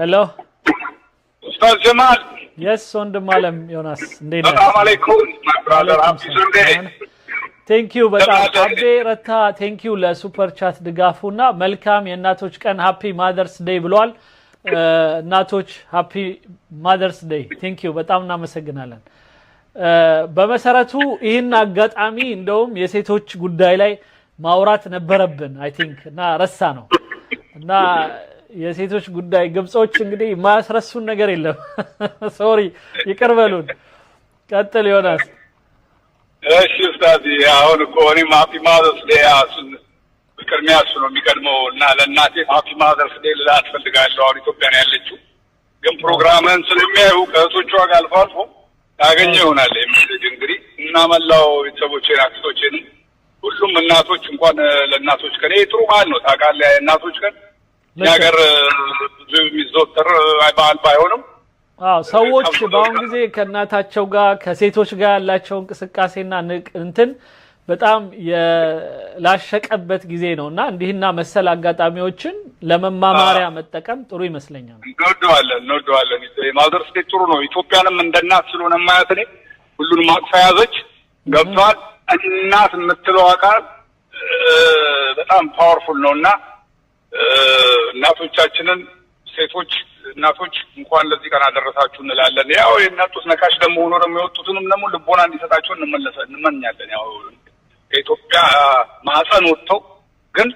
ሄሎ ጀማል የስ ወንድም አለም ዮናስ እንዴ ነህ? ሰላም አለይኩም ዩ በጣም አቤ ረታ ዩ ለሱፐር ቻት ድጋፉና መልካም የእናቶች ቀን ሀፒ ማደርስ ዴይ ብሏል። እናቶች ሀፒ ማደርስ ዴይ ዩ በጣም እናመሰግናለን። በመሰረቱ ይህን አጋጣሚ እንደውም የሴቶች ጉዳይ ላይ ማውራት ነበረብን አይ ቲንክ እና ረሳ ነው እና የሴቶች ጉዳይ ግብጾች እንግዲህ ማስረሱን ነገር የለም። ሶሪ ይቅርበሉን። ቀጥል ዮናስ። እሺ ኡስታዝ፣ አሁን እኮ እኔም ሀፒ ማዘርስ ዴይ እሱን ቅድሚያ እሱ ነው የሚቀድመው እና ለእናቴ ሀፒ ማዘርስ ዴይ ልላ ትፈልጋለሁ። አሁን ኢትዮጵያ ነው ያለችው፣ ግን ፕሮግራምን ስለሚያዩ ከእህቶቿ ጋር አልፎ አልፎ ያገኘ ይሆናል የምስልጅ እንግዲህ እና መላው ቤተሰቦቼን አክስቶቼንም ሁሉም እናቶች እንኳን ለእናቶች ቀን ይህ ጥሩ በዓል ነው ታውቃለህ። እናቶች ቀን የሀገር ብዙ የሚዘወተር በዓል ባይሆንም አዎ ሰዎች በአሁን ጊዜ ከእናታቸው ጋር ከሴቶች ጋር ያላቸው እንቅስቃሴና እንትን በጣም የላሸቀበት ጊዜ ነው እና እንዲህና መሰል አጋጣሚዎችን ለመማማሪያ መጠቀም ጥሩ ይመስለኛል። እንወደዋለን እንወደዋለን። ማዘር ስቴት ጥሩ ነው። ኢትዮጵያንም እንደ እናት ስለሆነ ማያት እኔ ሁሉንም አቅፋ ያዘች ገብቷል። እናት የምትለው ቃል በጣም ፓወርፉል ነው እና እናቶቻችንን ሴቶች እናቶች እንኳን ለዚህ ቀን አደረሳችሁ እንላለን። ያው የእናቶች ነካሽ ደግሞ ሆኖ ደግሞ የወጡትንም ደግሞ ልቦና እንዲሰጣቸው እንመለሰ እንመኛለን። ያው ከኢትዮጵያ ማህፀን ወጥተው ግን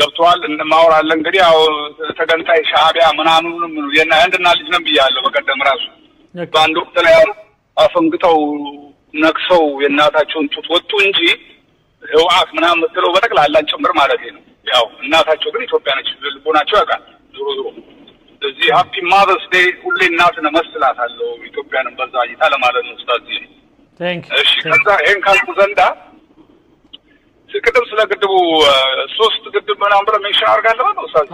ገብተዋል እንማወራለን። እንግዲህ ያው ተገንጣይ ሻዕቢያ ምናምኑንም የአንድና ልጅ ነን ብያለሁ። በቀደም ራሱ በአንድ ወቅት ላይ አፈንግጠው ነክሰው የእናታቸውን ጡት ወጡ እንጂ ህውአት ምናምን ምትለው በጠቅላላን ጭምር ማለት ነው ያው እናታቸው ግን ኢትዮጵያ ነች። ልቦናቸው ያውቃል። ዞሮ ዞሮ እዚህ ሀፒ ማዘርስ ዴይ ሁሌ እናት ነመስላት አለው ኢትዮጵያንም በዛ እይታ ለማለት ነው። ስታዚ እሺ፣ ከዛ ይህን ካልኩ ዘንዳ ቅድም ስለ ግድቡ ሶስት ግድብ ምናምን ብለህ ሜንሽን አድርጋለህ ነው ስታዚ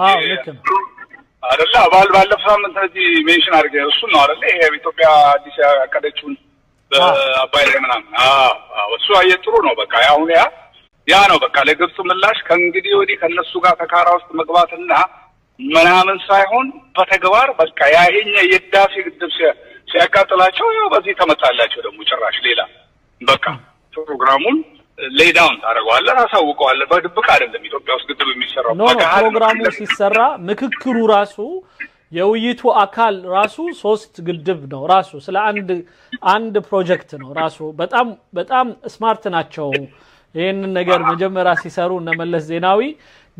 አደለ? አባል ባለፈ ሳምንት እዚህ ሜንሽን አድርገ እሱን ነው አደለ? ይሄ ኢትዮጵያ አዲስ ያቀደችውን በአባይ ላይ ምናምን እሱ አየህ ጥሩ ነው። በቃ አሁን ያ ያ ነው በቃ ለግብፅ ምላሽ ከእንግዲህ ወዲህ ከእነሱ ጋር ተካራ ውስጥ መግባትና ምናምን ሳይሆን በተግባር በቃ ያሄኛ የህዳሴ ግድብ ሲያቃጥላቸው ያው በዚህ ተመጣላቸው ደግሞ ጭራሽ ሌላ በቃ ፕሮግራሙን ሌዳውን ታደረገዋለ ታሳውቀዋለ በድብቅ አይደለም ኢትዮጵያ ውስጥ ግድብ የሚሰራው ፕሮግራሙ ሲሰራ ምክክሩ ራሱ የውይይቱ አካል ራሱ ሶስት ግድብ ነው ራሱ ስለ አንድ አንድ ፕሮጀክት ነው ራሱ በጣም በጣም ስማርት ናቸው። ይህንን ነገር መጀመሪያ ሲሰሩ እነመለስ ዜናዊ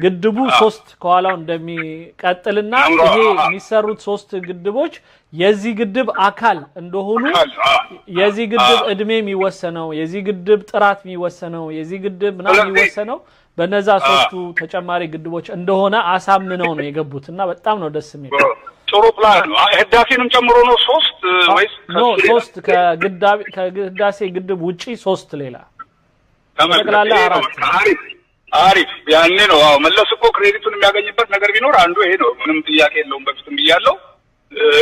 ግድቡ ሶስት ከኋላው እንደሚቀጥልና ይሄ የሚሰሩት ሶስት ግድቦች የዚህ ግድብ አካል እንደሆኑ የዚህ ግድብ እድሜ የሚወሰነው የዚህ ግድብ ጥራት የሚወሰነው የዚህ ግድብ ምናምን የሚወሰነው በነዛ ሶስቱ ተጨማሪ ግድቦች እንደሆነ አሳምነው ነው የገቡት እና በጣም ነው ደስ የሚል። ጥሩ ፕላን ነው። ህዳሴንም ጨምሮ ነው ሶስት ወይስ ሶስት ከግዳሴ ግድብ ውጪ ሶስት ሌላ አሪፍ ያኔ ነው። አዎ መለስ እኮ ክሬዲቱን የሚያገኝበት ነገር ቢኖር አንዱ ይሄ ነው። ምንም ጥያቄ የለውም። በፊትም ብያለሁ።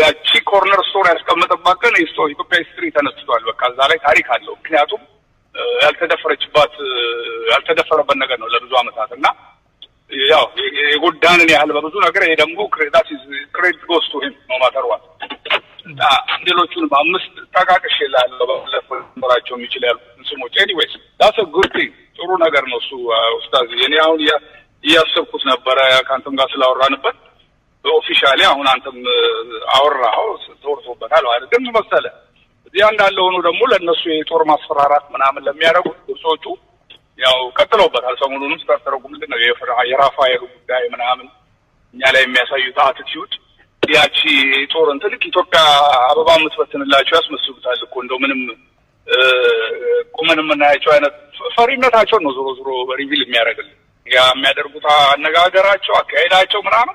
ያቺ ኮርነር ስቶር ያስቀመጠባት ቀን ኢትዮጵያ ሂስትሪ ተነስቷል። በቃ እዛ ላይ ታሪክ አለው። ምክንያቱም ያልተደፈረችባት ያልተደፈረበት ነገር ነው ለብዙ አመታት እና ያው የጎዳንን ያህል በብዙ ነገር ይሄ ደግሞ ክሬዲት ጎስቱ ነው ማተርዋል ሌሎቹን በአምስት ጠቃቅሽ ላለው ኖራቸው የሚችል ያሉ ስሞች ኤኒዌይስ ዳስ ጉርቲ ጥሩ ነገር ነው እሱ ኡስታዝ። እኔ አሁን እያሰብኩት ነበረ ከአንተም ጋር ስላወራንበት በኦፊሻሊ አሁን አንተም አወራኸው ተወርቶበታል ማለት ግን መሰለ እዚያ እንዳለ ሆኖ ደግሞ ለእነሱ የጦር ማስፈራራት ምናምን ለሚያደርጉት ግብጾቹ ያው ቀጥለውበታል። ሰሞኑንም ስታስተረጉ ምንድነው ነው የራፋኤሉ ጉዳይ ምናምን እኛ ላይ የሚያሳዩት አትቲዩድ ያቺ ጦርን ትልቅ ኢትዮጵያ አበባ የምትበትንላቸው ያስመስሉታል እኮ እንደው ምንም ቁመን የምናያቸው አይነት ፈሪነታቸውን ነው ዞሮ ዞሮ ሪቪል የሚያደርግልን ያ የሚያደርጉት አነጋገራቸው፣ አካሄዳቸው ምናምን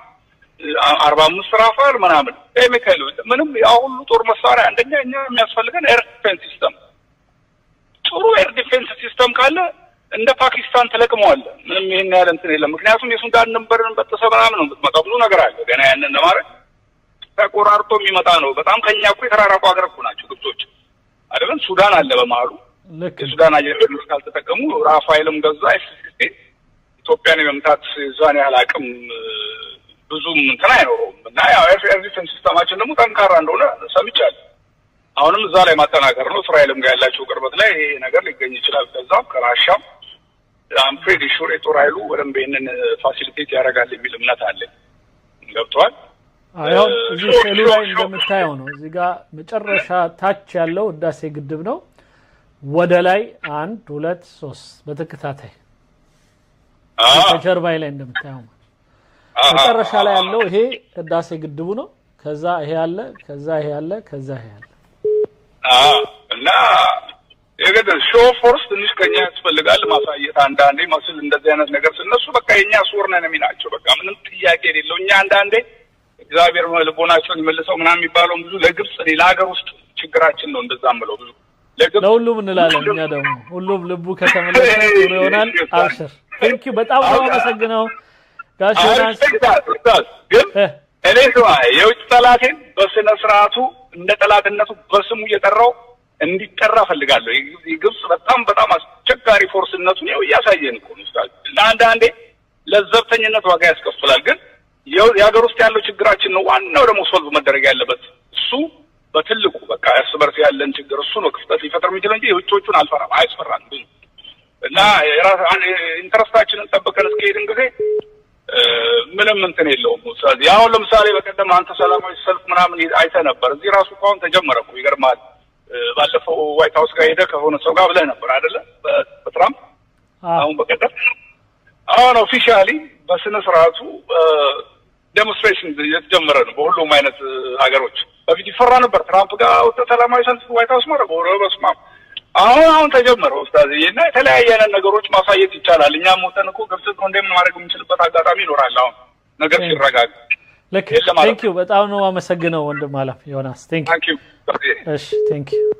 አርባ አምስት ራፋል ምናምን ሚካኤል ምንም ያ ሁሉ ጦር መሳሪያ አንደኛ እኛ የሚያስፈልገን ኤር ዲፌንስ ሲስተም ጥሩ ኤር ዲፌንስ ሲስተም ካለ እንደ ፓኪስታን ተለቅመዋለ። ምንም ይህን ያህል እንትን የለም። ምክንያቱም የሱዳን ድንበርን በጥሰ ምናምን ነው የምትመጣው። ብዙ ነገር አለ ገና ያንን ለማድረግ ተቆራርጦ የሚመጣ ነው። በጣም ከኛ እኮ የተራራቁ ሀገር እኮ ናቸው ግብጾች አይደለም። ሱዳን አለ በመሀሉ የሱዳን አየር በድሮች ካልተጠቀሙ ራፋኤልም ገዛ ኢትዮጵያን የመምታት ዛን ያህል አቅም ብዙም እንትን አይኖረውም እና ያው ኤርዲፌንስ ሲስተማችን ደግሞ ጠንካራ እንደሆነ ሰምቻለሁ። አሁንም እዛ ላይ ማጠናከር ነው። እስራኤልም ጋር ያላቸው ቅርበት ላይ ይሄ ነገር ሊገኝ ይችላል። ከዛም ከራሻም አምፕሬድ ሹር የጦር ኃይሉ በደንብ ይህንን ፋሲሊቴት ያደርጋል የሚል እምነት አለ። ገብተዋል ይኸውም እዚህ ስዕሉ ላይ እንደምታየው ነው። እዚህ ጋር መጨረሻ ታች ያለው ህዳሴ ግድብ ነው። ወደ ላይ አንድ ሁለት ሶስት በተከታታይ ከጀርባይ ላይ እንደምታየው መጨረሻ ላይ ያለው ይሄ ህዳሴ ግድቡ ነው። ከዛ ይሄ አለ፣ ከዛ ይሄ አለ፣ ከዛ ይሄ አለ እና የገደ ሾ ፎርስ ትንሽ ከኛ ያስፈልጋል ማሳየት። አንዳንዴ መስል እንደዚህ አይነት ነገር ስነሱ በቃ የኛ ሱር ነን የሚላቸው በቃ ምንም ጥያቄ የሌለው እኛ አንዳንዴ እግዚአብሔር ልቦናቸውን ይመልሰው ምናምን የሚባለውን ብዙ ለግብጽ ለሀገር ውስጥ ችግራችን ነው። እንደዛ ምለው ብዙ ለሁሉም እንላለን እኛ ደግሞ ሁሉም ልቡ ከተመለሰ ይሆናል። አብሽር ቴንኪው። በጣም ነው አመሰግነው ጋሽ ዮናስ። እኔ ስማ የውጭ ጠላቴን በስነ ስርአቱ እንደ ጠላትነቱ በስሙ እየጠራው እንዲጠራ ፈልጋለሁ። ግብጽ በጣም በጣም አስቸጋሪ ፎርስነቱን ያው እያሳየን ነው። ለአንዳንዴ ለዘብተኝነት ዋጋ ያስከፍላል ግን የሀገር ውስጥ ያለው ችግራችን ነው። ዋናው ደግሞ ሶልቭ መደረግ ያለበት እሱ በትልቁ በቃ እርስ በርስ ያለን ችግር እሱ ነው ክፍተት ሊፈጥር የሚችለው እንጂ የውጮቹን አልፈራም፣ ብዙ እና ኢንተረስታችንን ጠብቀን እስከሄድን ጊዜ ምንም እንትን የለውም። ስለዚህ አሁን ለምሳሌ በቀደም አንተ ሰላማዊ ሰልፍ ምናምን አይተ ነበር። እዚህ ራሱ እኮ ተጀመረ እኮ ይገርማል። ባለፈው ዋይት ሀውስ ጋር ሄደ ከሆነ ሰው ጋር ብለህ ነበር አይደለ? በትራምፕ አሁን በቀደም አሁን ኦፊሻሊ በስነ ስርአቱ ዴሞንስትሬሽን የተጀመረ ነው። በሁሉም አይነት ሀገሮች በፊት ይፈራ ነበር። ትራምፕ ጋር ወጥተህ ሰላማዊ ሰልፍ ዋይት ሀውስ ማድረግ ወረ በስማም አሁን አሁን ተጀመረ ኡስታዝ እና የተለያየ አይነት ነገሮች ማሳየት ይቻላል። እኛም ወጥተን እኮ ግብጽ ነው እንደምን ማድረግ የምንችልበት አጋጣሚ ይኖራል። አሁን ነገር ሲረጋግ ልክ ቴንክ ዩ በጣም ነው አመሰግነው ወንድም አላም ዮናስ ቴንክ ዩ እሺ ቴንክ ዩ